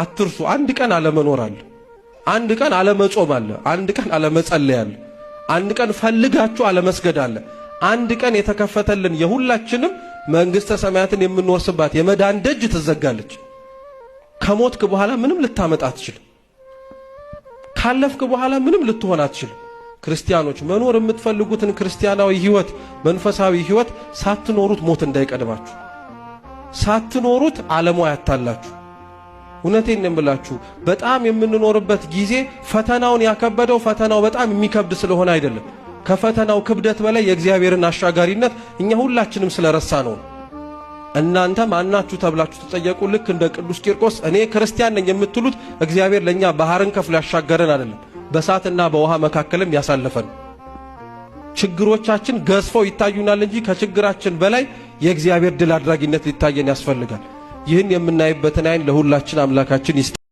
አትርሱ። አንድ ቀን አለመኖር አለ፣ አንድ ቀን አለመጾም አለ፣ አንድ ቀን አለመጸለይ አለ፣ አንድ ቀን ፈልጋችሁ አለመስገድ አለ። አንድ ቀን የተከፈተልን የሁላችንም መንግሥተ ሰማያትን የምንወርስባት የመዳን ደጅ ትዘጋለች። ከሞትክ በኋላ ምንም ልታመጣ አትችልም። ካለፍክ በኋላ ምንም ልትሆን አትችልም። ክርስቲያኖች መኖር የምትፈልጉትን ክርስቲያናዊ ሕይወት፣ መንፈሳዊ ሕይወት ሳትኖሩት ሞት እንዳይቀድማችሁ፣ ሳትኖሩት ዓለሙ አያታላችሁ። እውነቴን ነው የምላችሁ። በጣም የምንኖርበት ጊዜ ፈተናውን ያከበደው ፈተናው በጣም የሚከብድ ስለሆነ አይደለም። ከፈተናው ክብደት በላይ የእግዚአብሔርን አሻጋሪነት እኛ ሁላችንም ስለረሳ ነው። እናንተ ማናችሁ ተብላችሁ ተጠየቁ። ልክ እንደ ቅዱስ ቂርቆስ እኔ ክርስቲያን ነኝ የምትሉት እግዚአብሔር ለእኛ ባህርን ከፍሎ ያሻገረን አይደለም፣ በእሳትና በውሃ መካከልም ያሳለፈን። ችግሮቻችን ገዝፈው ይታዩናል እንጂ ከችግራችን በላይ የእግዚአብሔር ድል አድራጊነት ሊታየን ያስፈልጋል። ይህን የምናይበትን አይን ለሁላችን አምላካችን ይስጥ።